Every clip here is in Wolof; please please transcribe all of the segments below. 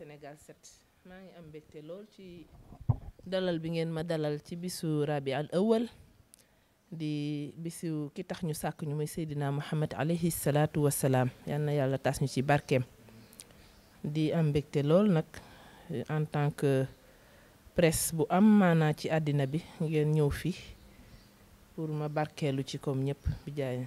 Sénégal set maa ngi am mbégte lool ci dalal bi ngeen ma dalal ci bisu rabi al awal di bisu ki tax ñu sàkk ñu muy Seydina Muhammad alayhi salaatu salaam yal na yàlla tas ñu ci barkeem di am mbégte lool nag eh, en tant que presse bu am maanaa ci àddina bi ngeen ñëw fii pour ma barkeelu ci comme ñëpp bi jaay euh,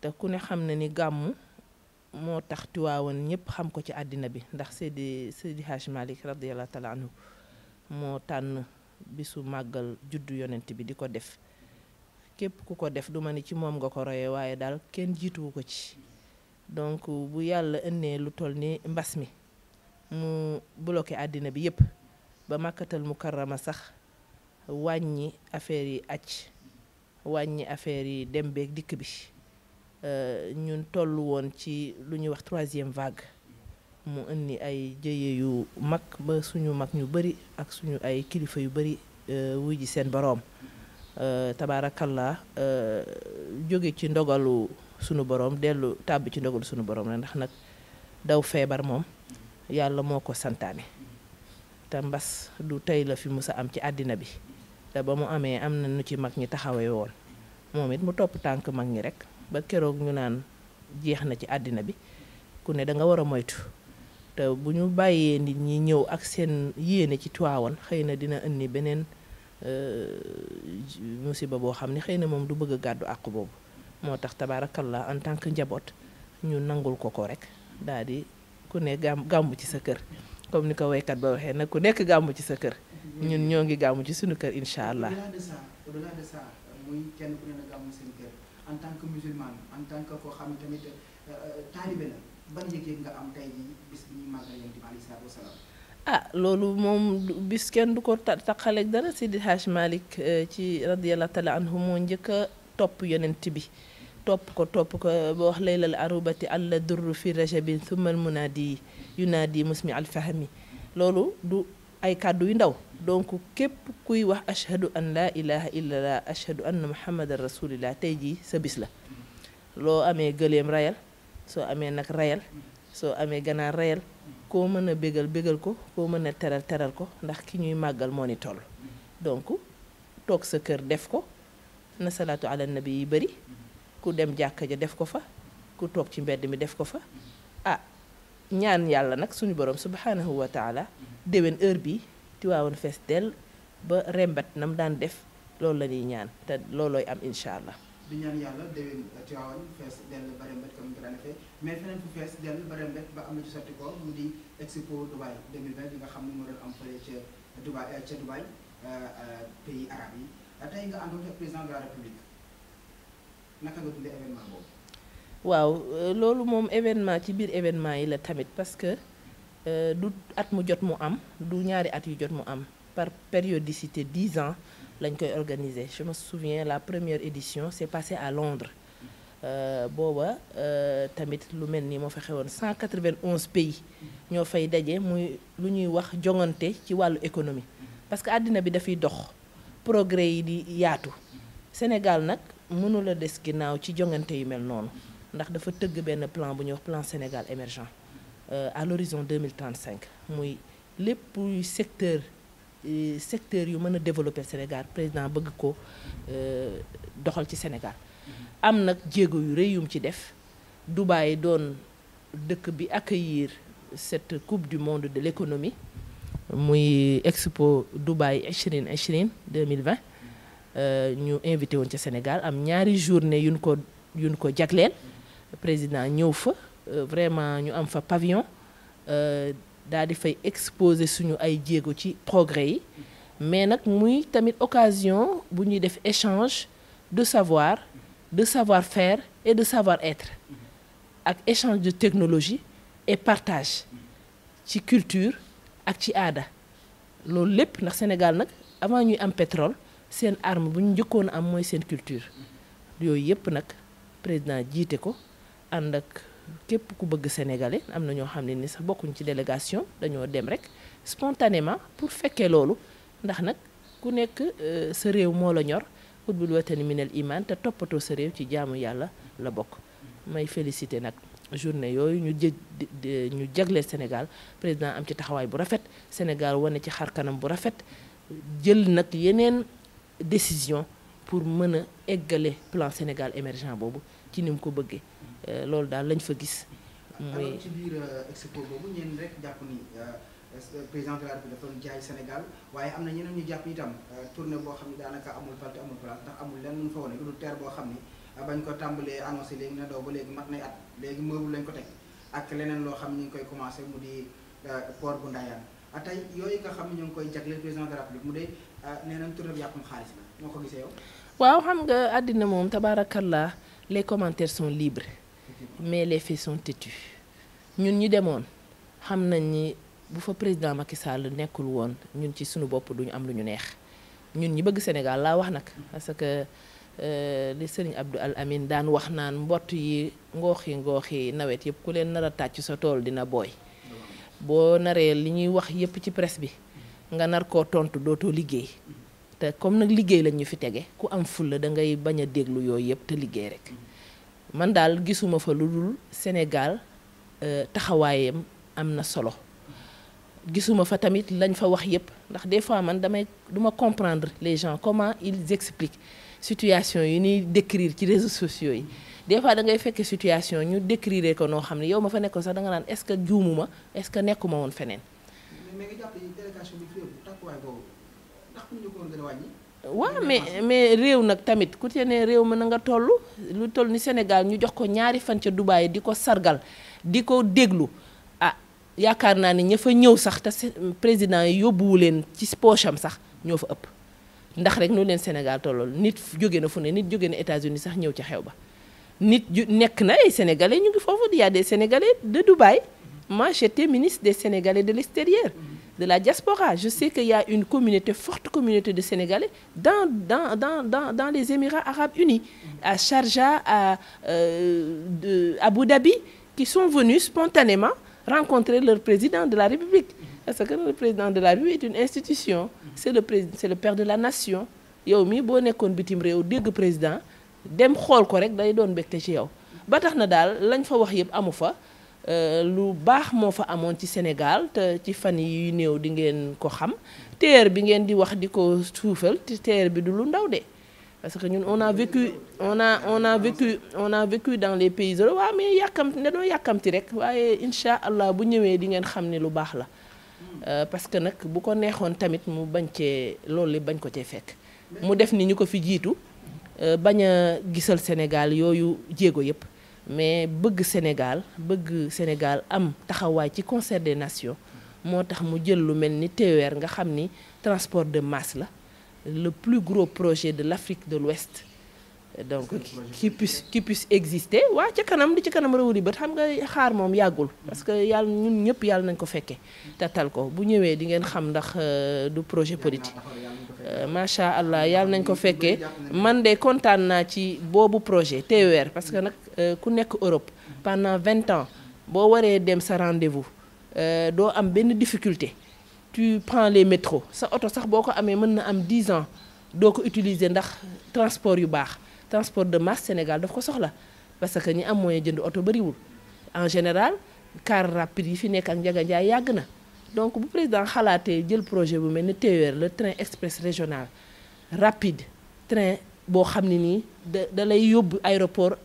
te ku ne xam na ni gàmmu moo tax Tiwaawan ñëpp xam ko ci àddina bi ndax Seydi Seydi Hajj Malick radiyallahu taala moo tànn bisu màggal juddu yonent bi di ko def képp ku ko def duma ni ci moom nga ko royee waaye daal kenn jiituwu ko ci donc bu yàlla ënnee lu toll ni mbas mi mu bloqué àddina bi yépp ba màkkatal mukarrama sax wàññi affaire yi acc wàññi affaire yi dem beeg dikk bi Euh, ñun toll woon ci lu ñuy wax troisième vague mu indi ay jëye yu mag ba suñu mag ñu bëri ak suñu ay kilifa yu bëri euh, wuy ji seen boroom euh, tabaarakallaa jóge ci ndogalu sunu boroom dellu tàbb ci ndogalu sunu boroom la ndax nag daw feebar moom yàlla moo ko santaane te mbas du tey la fi musa am ci àddina bi te ba mu amee am na nu ci mag ñi taxawee woon moom it mu topp tànk mag ñi rek ba keroog ñu naan jeex na ci àddina bi ku ne da nga war a moytu te bu ñu bàyyee nit ñi ñëw ak seen yéene ci Tiwaawan xëy na dina indi beneen euh, musiba boo xam ne xëy na moom du bëgg a gàddu àq boobu moo tax tabarakal la en tant que njaboot ñu nangul ko ko rek daal di ku ne gàmm gàmmu ci sa kër comme ni ko waykat ba waxee nag ku nekk gàmb ci sa kër ñun ñoo ngi gàmmu ci suñu kër incha allah. en tant que musulman xam tamit euh, euh, taalibe la ban yëg nga am tey bis ah, loolu moom kenn du ko taqaleeg dara Sidi Haj Malick euh, ci radiyallahu taala anhu moo njëkk topp yonent bi topp ko topp ko ba wax laylal arubati alla durru fi rajabin thumma al munaadi yunaadi musmi al loolu du ay kàddu yu ndaw donc képp kuy wax ashhadu an laa ilaha illallah ashhadu anna muhammadan rasulillah tey jii sa bis la loo amee gëléem rayal soo amee nag rayal soo amee ganaar rayal koo mën a bégal bégal ko koo mën a teral teral ko ndax ki ñuy màggal moo ni toll donc toog sa kër def ko na salaatu ala nabi yi bëri ku dem jàkka ja def ko fa ku toog ci mbedd mi def ko fa ah ñaan yàlla nag suñu borom subhanahu wa taala déwén heure bi Tiwaawan fees dell ba rembat nam daan def loolu la ñuy ñaan te loolooy am incha allah. di ñaan yàlla déwén Tiwaawan fees dell ba rembat comme ni daan defee mais feneen fu fees dell ba rembat ba am na ci sotti di Expo Dubai 2020 bi nga euh, euh, yi tey nga àndoon ak président de la république naka nga dundee événement boobu. waaw euh, loolu moom événement ci biir événement yi la tamit parce que. Euh, du at mu jot mu am du ñaari at yu jot mu am par périodicité 10 ans lañ koy organiser je me souviens la première édition s'est passée à Londres euh, booba euh, tamit lu mel ni moo fa xewoon 191 pays ñoo fay daje muy lu ñuy wax jongante ci wàllu économie parce que àddina bi dafay dox progrès yi di yaatu Sénégal nag mënula des ginnaaw ci jongante yu mel noonu ndax dafa tëgg benn plan bu ñuy wax plan Sénégal émergent Euh, à l'horizon 2035 muy lépp secteur euh, secteur yu mën a développer Sénégal président bëgg ko euh, doxal ci Sénégal am nag jéego yu rëy yum ci def Dubaï doon dëkk bi accueillir cette coupe du monde de l'économie muy expo Dubaï 2020 2020 ñu invité woon ca Sénégal am ñaari journée yun ko yun ko jagleel président ñëw fa Euh, vraiment ñu am fa pavillon euh, daal di fay exposer suñu ay jéego ci progrès yi mais nag muy tamit occasion bu ñuy def échange de savoir de savoir-faire et de savoir-être ak échange de technologie et partage ci culture ak ci aada loolu lépp ndax Sénégal nag avant ñuy am pétrole seen arme bu ñu njëkkoon am mooy seen culture yooyu yëpp nag président jiite ko ànd képp ku bëgg sénégalais am na ñoo xam ne ni sax bokkuñ ci délégation dañoo dem rek spontanément pour fekkee loolu ndax nag ku nekk euh, sa réew moo la ñor xutbul watani minal iman te toppatoo sa réew ci jaamu yàlla la bokk may félicité nag journée yooyu ñu jë ñu jagle Sénégal président am ci taxawaay bu rafet Sénégal wane ci xar kanam bu rafet jël nag yeneen décision pour mën a eggale plan Sénégal émergent boobu ci ni mu ko bëggee euh, loolu daal lañ fa gis. muy ci biir euh, expo boobu ñeen rek jàpp ni euh, président de la République dafa doon jaay Sénégal waaye am na ñeneen ñu jàpp itam tournée boo xam ne daanaka amul palte amul place ndax amul lenn luñ boo xam ni bañ ko tàmbalee annoncé léegi na daw ba léegi mat nay at léegi meuble lañ ko teg ak leneen loo xam ni ñu ngi koy commencé mu di port bu Ndayane ah, tey yooyu nga xam ne ñu ngi koy jagleel président de la République mu dee nee nañ tournée bi yàqum xaalis la ñoo ko gisee yow. waaw xam nga les commentaires sont libre mais les faits sont ñun ñu demoon xam nañ ni bu fa président Macky Sall nekkul woon ñun ci suñu bopp duñu am lu ñu neex ñun ñi bëgg Sénégal laa wax nag parce que euh, li sëriñ abdu Al Amin daan wax naan mbott yi ngoox yi ngoox yi nawet yëpp ku leen nar a tàcc sa tool dina booy boo naree li ñuy wax yëpp ci presse bi nga nar ko tontu dootoo liggéey te comme nag liggéey lañ ñu fi tege ku am fulla da ngay bañ a déglu yooyu yëpp te liggéey rek man daal gisuma fa lu dul Sénégal euh, taxawaayam am na solo gisuma fa tamit lañ fa wax yëpp ndax des fois man damay duma comprendre les gens comment ils expliquent situation yi ñuy décrire ci réseaux sociaux yi des fois da ngay fekk situation ñu décrire ko noo xam ne yow ma fa nekkoon sax da nga naan est-ce que juumuma est-ce que nekkuma woon feneen. waaw mais mais réew nag tamit ku te ne réew ma na nga toll lu toll ni Sénégal ñu jox ko ñaari fan ca Dubaay di ko sargal di ko déglu ah yaakaar naa ne ña fa ñëw sax te président yi yóbbuwu leen ci poosam sax ñoo fa ëpp ndax rek nu leen Sénégal tollool nit jóge na fu ne nit jóge na États-Unis sax ñëw ci xew ba nit ju nekk na ay sénégalais ñu ngi foofu y de des sénégalais de Dubaï moi j'étais ministre des sénégalais de l'extérieur mm-hmm. de la diaspora. Je sais qu'il y a une communauté, forte communauté de Sénégalais dans, dans, dans, dans les Émirats arabes unis, à Sharjah, à euh, de Abu Dhabi, qui sont venus spontanément rencontrer leur président de la République. Parce que le président de la République est une institution, c'est le, le père de la nation. yow mi boo nekkoon bitim réew dégg président dem xool ko rek day doon mbégte ci yow ba tax na daal lañ fa wax yëpp amu fa Euh, lu baax moo fa amoon ci Sénégal te ci fan yi néew di ngeen ko xam TER bi ngeen di wax di ko suufal te TER bi du lu ndaw de parce que ñun on a vécu on a on a vécu dans les pays de waaw mais yàkkamti dañoo yàkkamti rek waaye incha allah bu ñëwee di ngeen xam ne lu baax la euh, parce que nag bu ko neexoon tamit mu bañ cee loolu li bañ ko cee fekk mu def ni ñu ko fi jiitu euh, bañ a gisal Sénégal yooyu jéego yëpp mais bëgg Sénégal bëgg Sénégal am taxawaay ci concert des nations moo tax mu jël lu mel ni TER nga xam ni transport de masse la le plus gros projet de l'Afrique de l'Ouest donc qui e puisse qui puisse exister waa ca kanam di ci kanam réew di bët xam nga xaar moom yàggul parce que yàlla ñun ñëpp yàlla nañ ko fekke tatal ko bu ñëwee di ngeen xam ndax euh, du projet politique euh, macha allah yàlla nañ ko fekkee man de kontaan naa ci boobu projet TER parce que nag Euh, ku nekk Europe pendant vingt ans boo waree dem sa rendez-vous euh, doo am benn difficulté tu prends les métros sa oto sax boo ko amee mën na am dix ans doo ko utiliser ndax transport yu baax transport de masse Sénégal daf ko soxla parce que ñi am mooy jënd oto bëriwul en général car rapide yi fi nekk ak Ndiaga Ndiaye yàgg na donc bu président xalaatee jël projet bu mel ne TER le train express régional rapide train boo xam ne nii da da lay yóbbu aéroport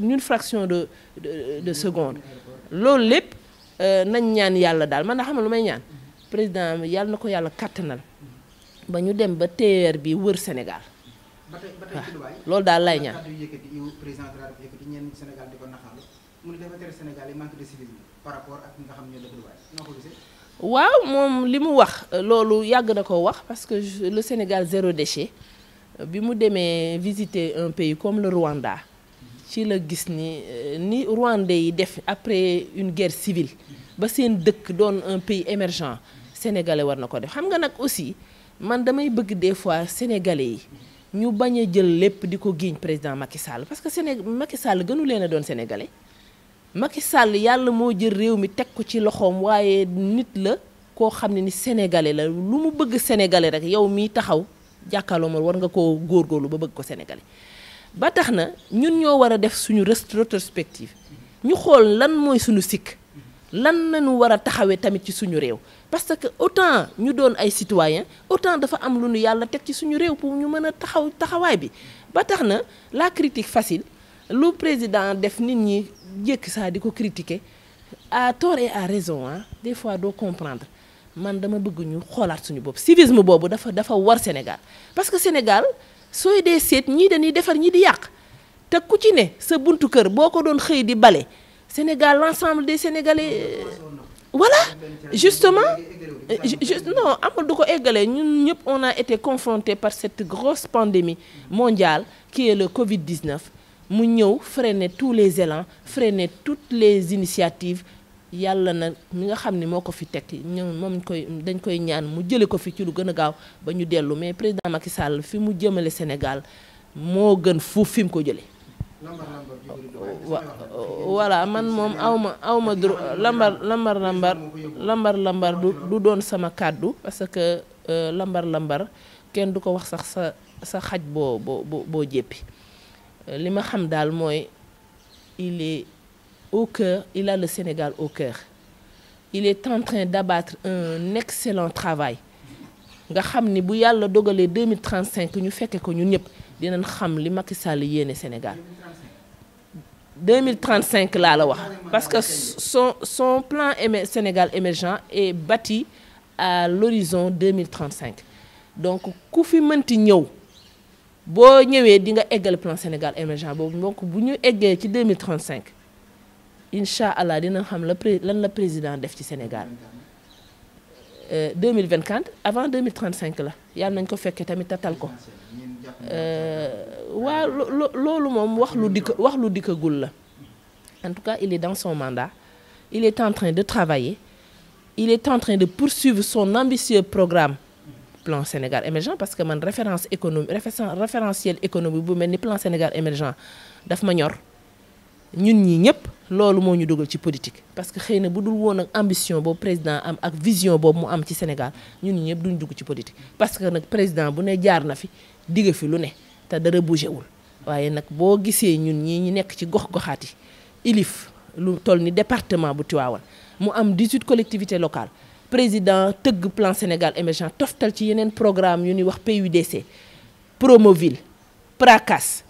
ñun fraction de de, de seconde loolu lépp euh, nañ ñaan yàlla daal man na xam lu may ñaan président yàlla na ko yàlla kattanal ba ñu dem ba TER bi wër Sénégal waaw loolu daal lay ñaan waaw moom li mu wax loolu yàgg na ko wax parce que le Sénégal zéro déchet bi mu demee visiter un pays comme le Rwanda ci la gis ni euh, ni Rwandais yi def après une guerre civile ba seen dëkk doon un pays émergent sénégalais war na ko def xam nga nag aussi man damay bëgg des fois sénégalais yi ñu bañ a jël lépp di ko giiñ président Macky Sall parce que Séné Macky Sall gënu leen a doon sénégalais Macky Sall yàlla moo jël réew mi teg ko ci loxoom waaye nit la koo xam ne ni sénégalais la lu mu bëgg sénégalais rek yow miy taxaw jàkkaarloo ma war nga koo góorgóorlu ba bëgg ko sénégalais. ba tax na ñun ñoo war a def suñu rétrospective ñu xool lan mooy suñu sikk lan lañu war a taxawee tamit ci suñu réew parce que autant ñu doon ay citoyen autant dafa am lu nu yàlla teg ci suñu réew pour ñu mën a taxaw taxawaay bi ba tax na la critique facile lu président def nit ñi jékk saa di ko critiquer à tort et à raison ah des fois doo comprendre man dama bëgg ñu xoolaat suñu bopp civisme boobu dafa dafa war Sénégal parce que Sénégal sooy dee seet ñii dañuy defar ñii di yàq te ku ci ne sa buntu kër boo ko doon xëy di bale Sénégal l'ensemble des Sénégalais euh, voilà justement non amul du ko éggalee ñun ñëpp on a été confronté par cette grosse pandémie mondiale qui est le Covid-19 mu ñëw ne tous les élans ne toutes les initiatives yàlla na mi nga xam ni moo ko fi teg ñoom moom koy dañ koy ñaan mu jële ko fi ci lu gën a gaaw ba ñu dellu mais président Macky sàll fi mu jëmale Sénégal moo gën fuuf fi mu ko jële voilà man moom awma awma dro lambar lambar lambar lambar lambar du doon sama kàddu parce que euh, lambar lambar kenn du ko wax sax sa sa xaj boo boo boo jéppi euh, li ma xam daal mooy il au cœur, il a Sénégal au cœur. Il est en train d'abattre un excellent travail. nga xam ni bu yàlla dogalee 2035 ñu fekkee ko ñun ñëpp dinañ xam li Macky Sall yéene Sénégal 2035 laa la wax parce que son son plan émer Sénégal émergent est bâti à l'horizon 2035 donc ku fi mënti ñëw boo ñëwee di nga eggale plan Sénégal émergent boobu donc bu ñu eggee ci 2035 incha allah dina xam la pré lan la président def ci Sénégal 2024 euh, avant 2035 la yàlla nañ ko fekkee tamit tatal ko euh, waa loolu moom wax lu dikk wax lu dikkagul la en tout cas il est dans son mandat il est en train de travailler il est en train de poursuivre son ambitieux programme plan Sénégal émergent parce que man référence économie référentiel économie bu mel ni plan Sénégal émergent daf ma ñor ñun ñi ñëpp loolu moo ñu dugal ci politique parce que xëy na bu dul woon ak ambition boobu président am ak vision boobu mu am ci Sénégal ñun ñi ñëpp duñ dugg ci politique parce que nag président bu ne jaar na fi digg fi lu ne te dara bougé wul waaye nag boo gisee ñun ñii ñu nekk ci gox goxaati yi ilif lu toll ni département bu Tivaouane mu am 18 collectivité locales président tëgg plan Sénégal émergent toftal ci yeneen programme yu ñuy wax PUDC Promoville PRACAS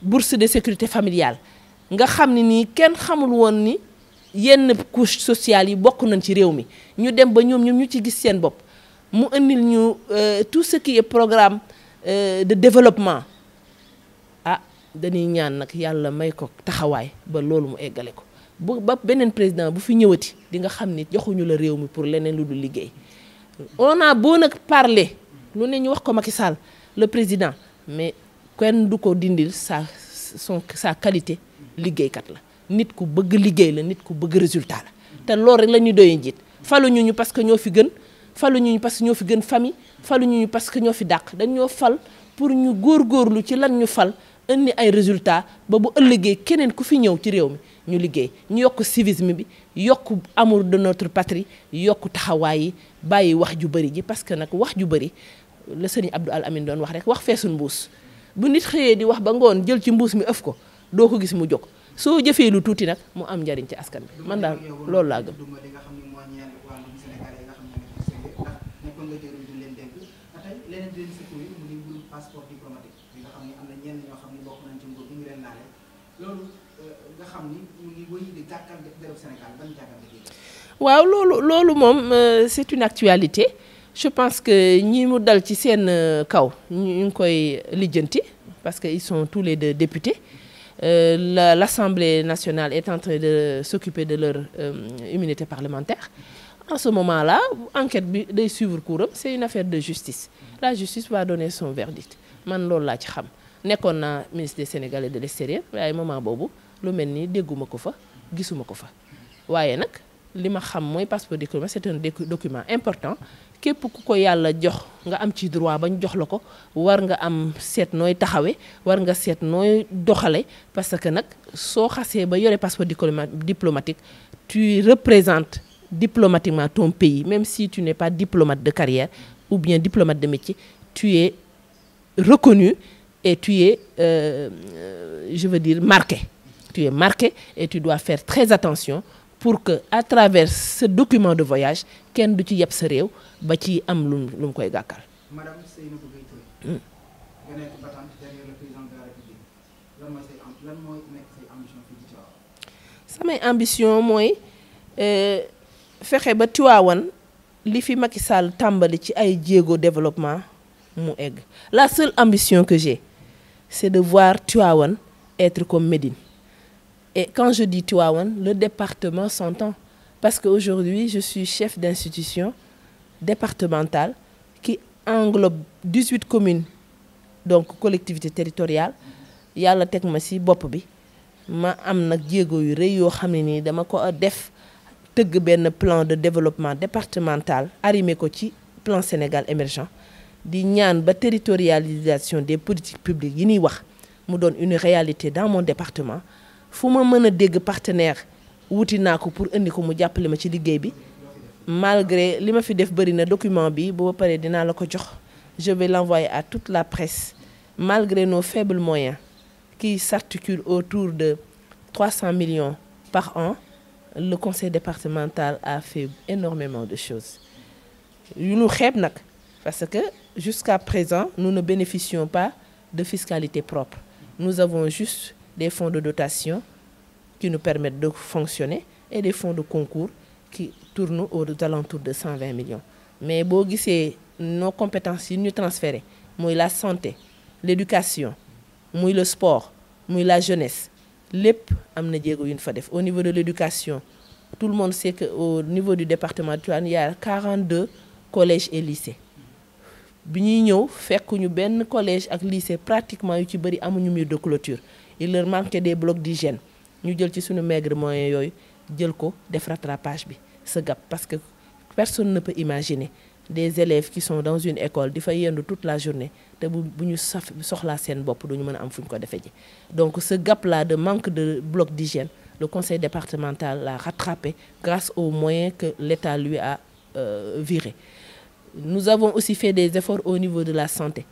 bourse de sécurité familiale nga xam ne nii kenn xamul woon ni yenn couche sociale yi bokk nañ ci réew mi ñu dem ba ñoom ñoom ñu ci gis seen bopp mu indil ñu euh, tout ce qui est programme euh, de développement ah dañuy ñaan nag yàlla may ko taxawaay ba loolu mu eggale ko bu ba beneen président bu fi ñëwati di nga xam ni joxuñu la réew mi pour leneen lu dul liggéey on a beau nag parler lu ne ñu wax ko Macky Sall le président mais kenn du ko dindil sa son sa qualité liggéeykat la nit ku bëgg liggéey la nit ku bëgg résultat la te loolu rek la ñuy doyee njiit faluñu ñu parce que ñoo fi gën falu ñu parce que ñoo fi gën famille faluñu ñu parce que ñoo fi dàq dañ fal pour ñu góor góorgóorlu ci lan ñu fal indi ay résultat ba bu ëllëgee keneen ku fi ñëw ci réew mi ñu liggéey ñu yokk civisme bi yokk amul de notre patrie yokk taxawaay yi bàyyi wax ju bëri ji parce que nag wax ju bëri la sëriñ Abdou Al Amin doon wax rek wax feesul mbuus bu nit xëyee di wax ba ngoon jël ci mbuus mi ëf ko doo ko gis mu jóg soo jëfee lu tuuti nag mu am njariñ ci askan bi man daal loolu laa gëm. waaw loolu loolu moom euh, c'est une actualité je pense que ñi mu dal ci seen euh, kaw ñu ngi koy lijjanti parce que ils son tous les deux député Euh, l'Assemblée nationale est en train de s'occuper de leur euh, immunité parlementaire en ce moment-là bi day suivre couram c'est une affaire de justice la justice va man loolu laa ci xam nekkoon na ministre des Sénégalais de l'extérieur waaye moment boobu lu mel nii dégguma ko fa gisuma ko fa waaye nag li ma xam mooy passeport diplomatique c'est un document important képp ku ko yàlla jox nga am ci droit bañ jox la ko war nga am seet nooy taxawee war nga seet nooy doxale parce que nag soo xasee ba yore passeport diplomatique tu représentes diplomatiquement ton pays même si tu n'es pas diplomate de carrière ou bien diplomate de métier tu es reconnu et tu es euh, euh, je veux dire marqué tu es marqué et tu dois faire très attention pour que à travers ce document de voyage kenn du ci yeb sa réew ba ci am lu lu mu koy gàkkal. madame hmm. mooy say samay ambition mooy euh, fexe ba Tivaouane li fi Macky Sall tàmbali ci ay jéego développement mu egg la seule ambition que j'ai c'est de voir Tivaouane etre comme Médine. Et quand je dis Tivaouane, le département s'entend. Parce que qu'aujourd'hui, je suis chef d'institution départementale qui englobe 18 communes, donc collectivité territorial yàlla teg ma si bopp bi ma am nag jéego yu rëy yoo xam ne nii dama ko def tëgg benn plan de développement départemental arrimé ko ci plan Sénégal émergent di ñaan ba territorialisation des politiques publiques yi ñuy wax mu doon une réalité dans mon département fu ma mën a dégg partenaire wuti naa ko pour indi ko mu jàppale ma ci liggéey bi malgré li ma fi def bëri na document bi bu paree dinaa la ko jox je vais à toute la presse malgré nos faibles moyens qui s'articulent autour de 300 millions par an le conseil départemental a fait énormément de choses yu ñu xeeb nag parce que jusqu'à présent nous ne bénéficions pas de fiscalité propre nous avons juste des fonds de dotation qui nu permettent de fonctionner et de fonds de concours qui tournent aux alentours de 120 millions mais boo gisee nos compétences yi ñu transféré mooy la santé l'éducation muy le sport muy la jeunesse lépp am na jéego yu ñu fa def au niveau de l'éducation tout le monde sait que au niveau du département de Tivaouane deux y et lycées bi ñuy ñëw fekkuñu benn collège ak lycée pratiquement yu ci bëri amuñu mur de clôture il leur manqué des blocs d'hygiène ñu jël ci suñu maigre moyen yooyu jël ko def rattrapage bi ce gap parce que personne ne peut des élèves qui sont dans une école di fa yendu toute la journée te bu bu ñu saf soxlaa seen bopp duñu mën a am fu ñu ko defee ji donc ce gap là de manque de bloc d'hygiène le conseil départemental l'a rattrapé grâce aux moyens que l'État lui a euh, virés. Nous avons aussi fait des efforts au niveau de la santé.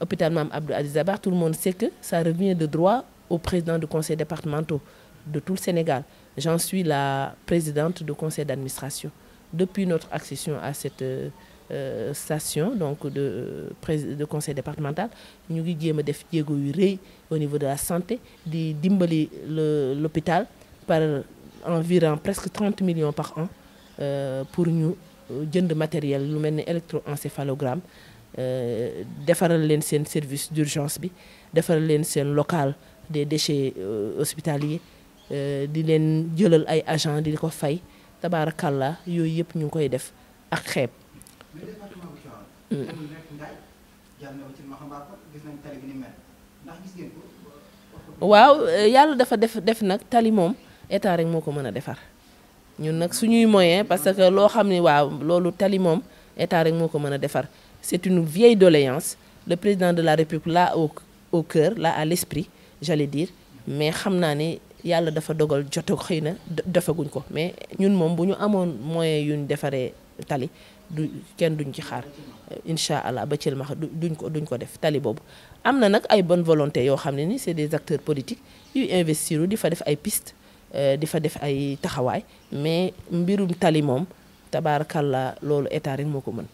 hôpital Mam Abdou Aziz Dabakh tout le monde sait que ça revient de droit au président du conseil départemental de tout le Sénégal j'en suis la présidente du conseil d'administration depuis notre accession à cette euh, station donc de de conseil départemental ñu ngi jéem a def jéego yu rëy au niveau de la santé di dimbali le l'hôpital par environ presque 30 millions par an euh, pour ñu euh, jënd matériel lu mel ni électroencéphalogramme defaral leen seen service d'urgence bi defaral leen seen local des déchets euh, hospitaliers euh, di leen jëlal ay agent di ko fay tabaarakàllaa yooyu yëpp ñu ngi koy def ak xeeb. waaw euh, yàlla dafa def def nag tali moom état rek moo ko mën a defar ñun nag suñuy moyen parce que loo xam ne waaw loolu tali moom état rek moo ko mën a defar. c'est une vieille doléance le président de la République l'a au au cœur l'a à l'esprit j'allais dire mais xam naa ni yàlla dafa dogal joto xëy na defaguñ ko mais ñun moom bu ñu amoon moyen yuñ defaree tali du kenn duñ ci xaar incha allah ba cil max duñ ko duñ ko def tali boobu am na nag ay bonne volonté yoo xam ne ni c'est des acteurs politiques yu investir di fa def ay piste euh, di fa def ay taxawaay mais mbirum tali moom tabaarakàlla loolu état rek moo ko mën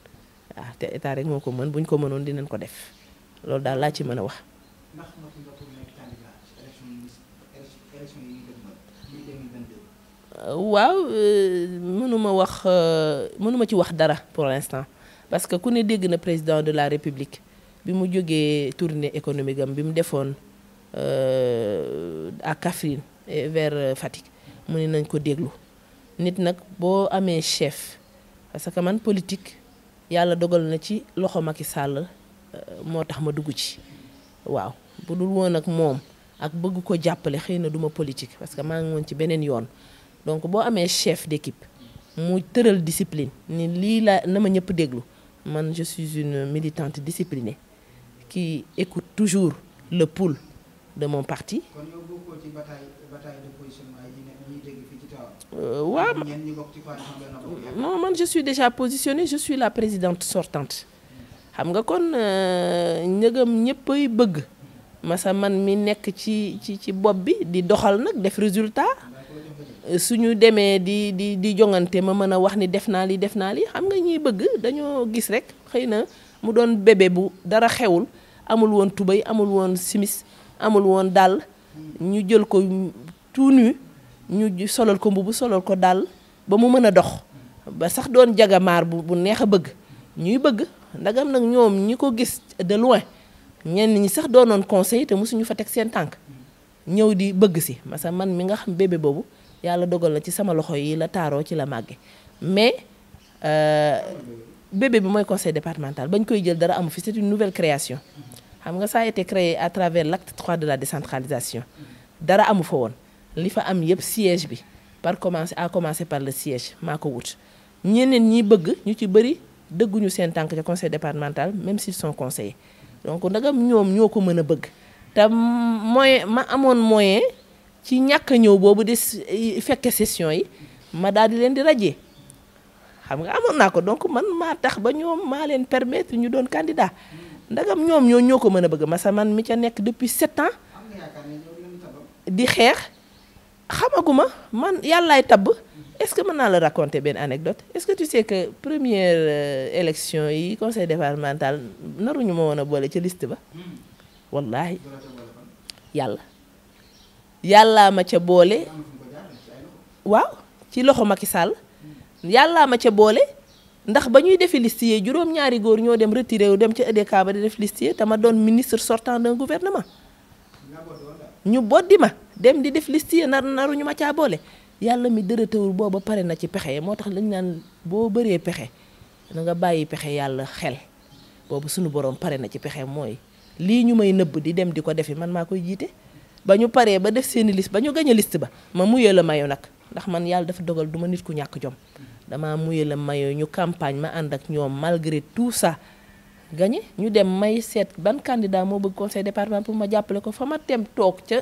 ah te état rek moo ko mën bu ko mënoon dinañ ko def loolu daal laa ci mën a wax. Euh, waaw euh, mënuma wax euh, mënuma ci wax dara pour l'instant parce que ku ne dégg na président de la république bi mu jógee tournée économique am bi mu defoon à Kaffrine vers Fatick mu ne nañ ko déglu nit nag boo amee chef parce que man politique. yàlla dogal na ci loxo Macky Sall euh, moo tax ma dugg ci waaw bu dul woon ak moom ak bëgg ko jàppale xëy na duma politique parce que maa ngi woon ci beneen yoon donc boo amee chef d'équipe mu tëral discipline ni lii laa na ma ñëpp déglu man je suis une militante disciplinée qui écoute toujours le pouls de mon waaw euh, non man je suis déjà positionnée je la présidente sortante xam nga kon euh, ñëgam ñëppay bëgg masa man mi nekk ci ci ci bopp bi di doxal nag def résultat euh, suñu demee di di di jongante ma mën a wax ni def naa lii def naa li xam nga ñiy bëgg dañoo gis rek xëy na mu doon bébé bu dara xewul amul woon tubéy amul woon simis amul woon dàll ñu jël ko tout ñu solal ko mbubu solal ko daal ba mu mën a dox ba sax doon jagamaar bu bu neex a bëgg ñuy bëgg ndagam nag ñoom ñi ko gis de loin ñenn ñi sax doonoon conseil te mosuñu fa teg seen tànk ñëw di bëgg si parce que man mi nga xam bébé boobu yàlla dogal na ci sama loxo yi la taaroo ci la màgge mais euh, bébé bi mooy conseil départemental bañ koy jël dara amu fi c'est une nouvelle création xam nga ça a été créé à travers l'acte 3 de la décentralisation dara amu fa woon li fa am yëpp siège bi par commencer à commencer par le siège maa ko wut ñeneen ñi bëgg ñu ci bëri dëgguñu seen tànk ca conseil départemental même s'ils sont conseillers donc ndagam ñoom ñoo ko mën a bëgg te moyen ma amoon moyen ci ñàkk ñëw boobu di fekke session yi ma daal di leen di rajee xam nga amoon naa ko donc man maa tax ba ñoom maa leen permettre ñu doon candidat ndagam ñoom ñoo ñoo ko mën a bëgg masa man mi ca nekk depuis sept ans di xeex xamaguma man yàllaay tabb est-ce que mën naa la raconter benn anecdote est-ce que tu sais que première euh, élection yi conseil départemental naruñu ma woon a boole ca liste ba wallaahi yàlla yàllaa ma ca boole waaw ci loxo Macky Sall yàllaa ma ca boole ndax ba ñuy defi liste yi juróom-ñaari góor ñoo dem retiré wu dem ca EDK ba di def liste yi te ma doon ministre sortant d'un gouvernement ñu boddi ma dem di def liste yi nar ñu ma caa boole yàlla mi dërëtawul booba pare na ci pexe moo tax lañ naan boo bëree pexe na nga bàyyi pexe yàlla xel boobu sunu borom pare na ci pexe mooy lii ñu may nëbb di dem di ko defi man maa koy jiite. ba ñu paree ba def seeni liste ba ñu gañ a liste ba ma muyee la mayo nag ndax man yàlla dafa dogal du ma nit ku ñàkk jom damaa muyee la mayo ñu campagne ma ànd ak ñoom malgré tout ça. gañe ñu dem may seet ban candidat moo bëgg conseil département pour ma jàppale ko fa ma tem toog ca.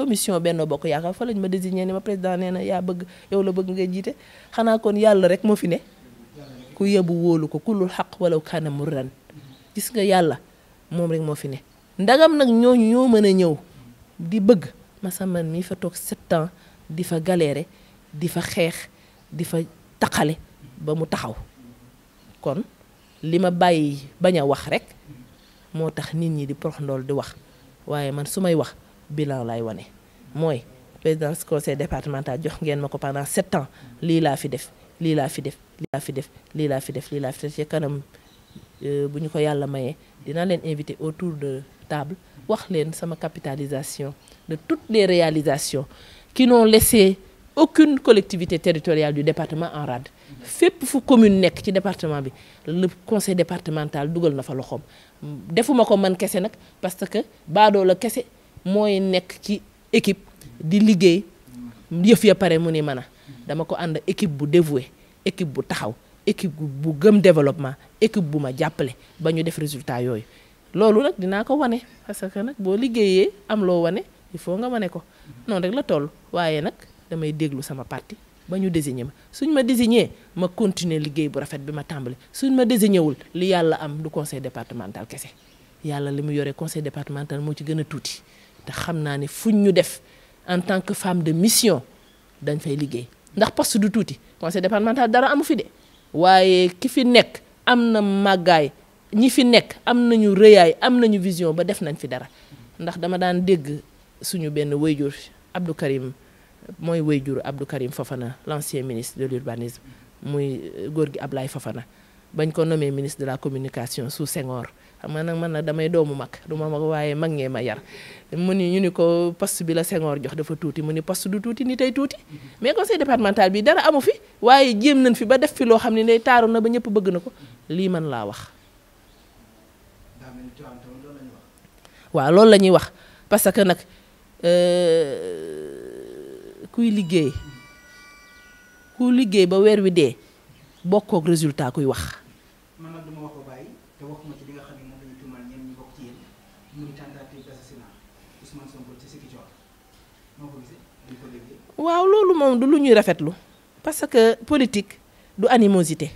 commission Benno Bokk Yaakaar fa lañ ma désigné ni ma président nee na yaa bëgg yow la bëgg nga jiite xanaa kon yàlla rek moo fi ne ku yebu wóolu ko kulul xaq wala kana murran gis nga yàlla moom rek moo fi ne ndagam nag ñooñu ñoo mën a ñëw di bëgg ma masaman mii fa toog sept di fa galeere di fa xeex di fa taqale ba mu taxaw kon li ma bàyyi bañ a wax rek moo tax nit ñi di porox ndool di wax waaye man su may wax bilan laay wane mooy présidence conseil départemental jox ngeen ma ko pendant sept ans lii laa fi def lii laa fi def lii laa fi def lii laa fi def lii laa fi def ci kanam euh, bu ñu ko yàlla mayee dina leen invité autour de table wax leen sama capitalisation de toutes les réalisations qui n'ont laissé aucune collectivité territoriale du département en rade fépp fu commune nekk ci département bi le conseil départemental dugal na fa loxoom defuma ko man kese nag parce que baadoo la kese mooy nekk ci équipe di liggéey yëf ya pare mu ni mën a dama ko ànd équipe bu dévoué équipe bu taxaw equipe bu gëm développement équipe bu ma jàppale ba ñu def résultat yooyu loolu nag dinaa ko wane parce que nag boo liggéeyee am loo wane il faut nga wane ko noonu rek la toll waaye nag damay déglu sama parti ba ñu désigné ma suñ ma désigné ma continuer liggéey bu rafet bi ma tàmbali suñ ma désigné wul li yàlla am du conseil départemental kese yàlla li mu yore conseil départemental moo ci gën a tuuti te xam naa ni fuñ ñu def en tant que femme de mission dañ fay liggéey ndax poste du tuuti conseil départemental dara amu fi de waaye ki fi nekk am na màggaay ñi fi nekk am nañu rëyaay am nañu vision ba def nañ fi dara ndax dama daan dégg suñu benn wayjur Abdou Karim mooy wayjur Abdou Karim Fofana l'ancien ministre de l'urbanisme muy euh, góor gi Ablaye Fofana bañ ko nommé ministre de la communication sous Senghor xam nga nag man nag damay doomu mag du ma mag waaye mag ngee ma yar mu ni ñu ni ko poste bi la Senghor jox dafa tuuti mu ni poste du tuuti ni tey tuuti mais conseil départemental bi dara amu fi waaye jéem nañ fi ba def fi loo xam ne ne taaru na ba ñëpp bëgg na ko lii man laa wax waaw loolu lañuy wax parce que nag euh, kuy liggéey ku liggéey ba weer wi dee bokkook résultat kuy wax muy waaw loolu moom du lu ñuy rafetlu parce que politique du animosité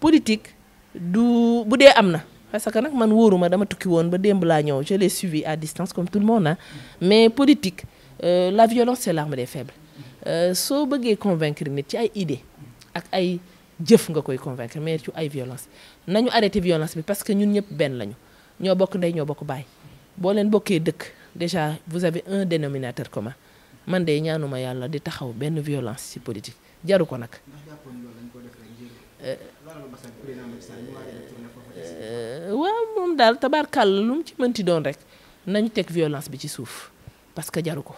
politique du bu dee am na. parce que nag man wóoruma dama tukki woon ba démb laa ñëw je l'ai suivi à distance comme tout le monde ah mais politique euh, la violence c'est ma des faibles euh, soo bëggee convaincre nit ci ay idées ak ay jëf nga koy convaincre mais ci ay violence nañu arrêté violence bi parce que ñun ñëpp benn lañu ñoo bokk ndey ñoo bokk baay. boo leen bokkee dëkk déjà vous avez un dénominateur commun man de ñaanuma yàlla di taxaw benn violence ci politique jaru ko nag. Euh, euh, waaw moom daal tabaarkàll lu mu ci mënti doon rek nañu teg violence bi ci suuf parce que jaru ko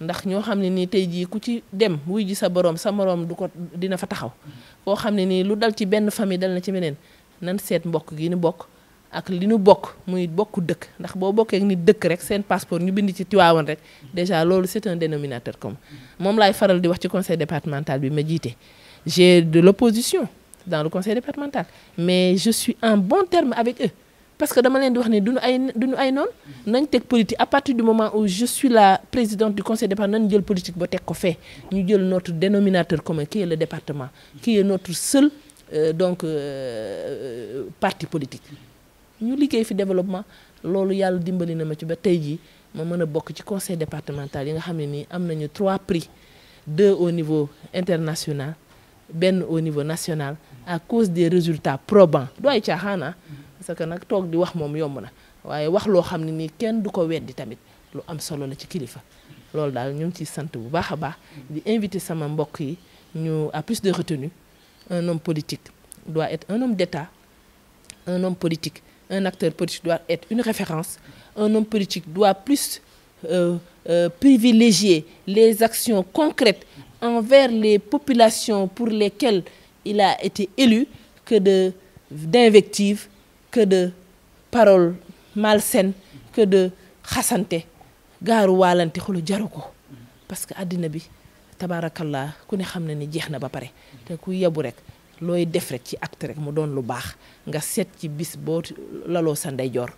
ndax ñoo xam ne nii tey jii ku ci dem wuy ji sa boroom sa moroom du ko dina fa taxaw mm-hmm. koo xam ne nii lu dal ci benn famille dal na ci beneen nan seet mbokk gi ni bokk. ak li ñu bokk muy bokku dëkk ndax boo bokkee nit dëkk rek seen passeport ñu bind ci Tivaouane rek déjà loolu c'est un dénominateur commun moom laay faral di wax ci conseil départemental bi ma jiite j'ai de l'opposition dans le conseil départemental mais je suis en bon terme avec eux parce que dama leen di wax ne duñu ay duñu ay noonu nañ teg politique à partir du moment où je suis la présidente du conseil départemental nañ jël politique ba teg ko fee ñu jël notre dénominateur commun qui le département qui est notre seul euh, donc euh, parti politique ñu liggéey fi développement loolu yàlla dimbali na ma ci ba tey jii ma mën a bokk ci conseil départemental yi nga xam ne nii am nañu trois prix deux au niveau international benn au niveau national à cause des résultats probant du ay caaxaana ah, parce que nag toog di wax moom yomb na waaye wax loo xam ne nii kenn du ko weddi tamit lu am solo la ci kilifa loolu daal ñu ngi ciy sant bu baax a baax di invité sama mbokk yi ñu à plus de retenue un homme politique doit un homme d'État un politique un acteur politique doit être une référence un homme politique doit plus euh, euh, privilégier les actions concrètes envers les populations pour lesquelles il a été élu que de d'invectives que de paroles malsaines que de xasante gaaru waalante xolu jaru ko parce que àddina bi tabaarakallah ku ne xam na ni jeex na ba pare te ku yebu rek looy def rek ci acte rek mu doon lu baax nga seet ci bis boo laloo sa ndeyjoor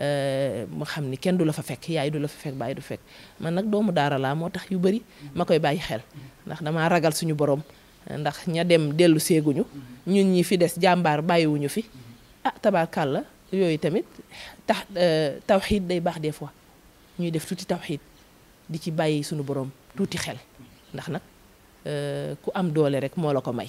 euh, mu xam ni kenn du la fa fekk yaay du la fa fekk baay du fekk man nag doomu daara laa moo tax yu bëri ma koy bàyyi xel ndax damaa ragal suñu borom ndax ña dem dellu seeguñu ñun ñi fi des jàmbaar bàyyiwuñu fi ah la yooyu tamit tax euh, tawxiit day baax des fois ñuy def tuuti tawxiid di ci bàyyi suñu borom tuuti xel ndax nag euh, ku am doole rek moo la ko may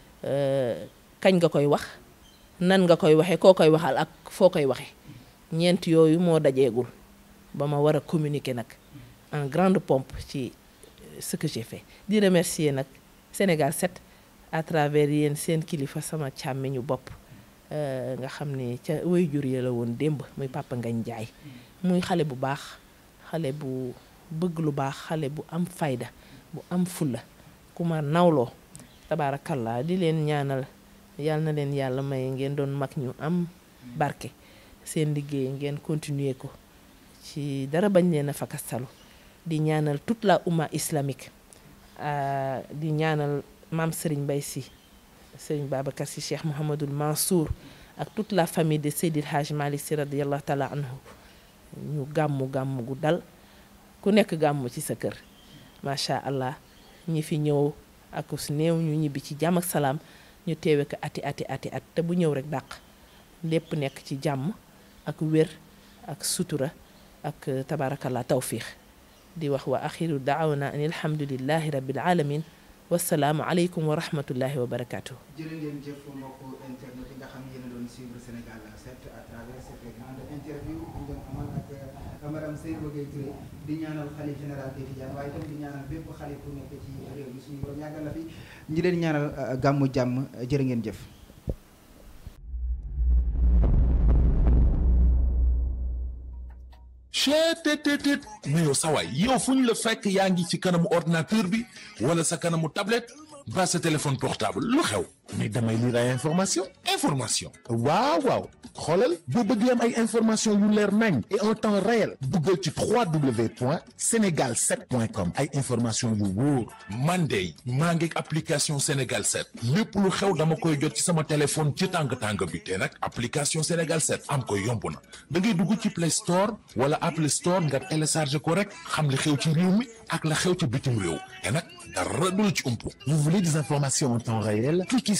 kañ nga koy wax nan nga koy waxee koo koy waxal ak foo koy waxee ñeent yooyu moo dajeegul ba ma war a communiquer nag en grande pompe ci ce que di remercier nag Sénégal set à travers yéen seen kilifa sama càmmiñu bopp euh, nga xam ne ca wéy jur ya la woon démb muy Papa Ngagne Ndiaye muy xale bu baax xale bu bëgg lu baax xale bu am fayda bu am fulla ku ma nawloo tabaarakallaa di leen ñaanal yal na leen yàlla may ngeen doon mag ñu am barke seen liggéey ngeen continuer ko ci dara bañ leen a fakastalu di ñaanal toute la umma islamique ah, di ñaanal mam Serigne bay si Serigne Babacar Sy Cheikh Mouhamadul Mansour ak toute la famille de Seydil Hadj Malick Sy radiyallahu taala anhu ñu gàmmu gàmmu gu dal ku nekk gàmmu ci sa kër allah ñi fi ñëw ak si ñu ñibbi ci jàmm ak salaam ñu teewe ko ati ati at te bu ñëw rek dàq lépp nekk ci jàmm ak wér ak sutura ak euh, tabarakallah tawfiix di wax wa axiru daawana an alhamdulilahi rabil alamin wasalaamu aleykum wa rahmatullahi wa barakaatu. jërë madame Seydou Gueye Touré ñi leen ñaanal euh, gàmmu jàmm jërë ngeen jëf chetttt yow sawaay yow fu ñu la fekk yaa ngi ci kanamu ordinateur bi wala sa kanamu tablette ba sa téléphone portable lu xew mais damay lire ay information information waaw waaw xoolal boo bëgg am ay information yu leer nañ et en temps réel duggal ci 3w point sénégal 7 point com ay information yu wóor man de maa ngi application sénégal 7 lépp lu xew dama koy jot ci sama téléphone ci tàng tàng bi te nag application sénégal 7 am yomb na da dugg ci play store wala apple store nga télécharge ko rek xam li ci réew mi ak la xew ci bitim réew te nag dara du la ci umpu vous voulez des informations en temps réel